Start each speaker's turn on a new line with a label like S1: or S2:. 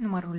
S1: Numărul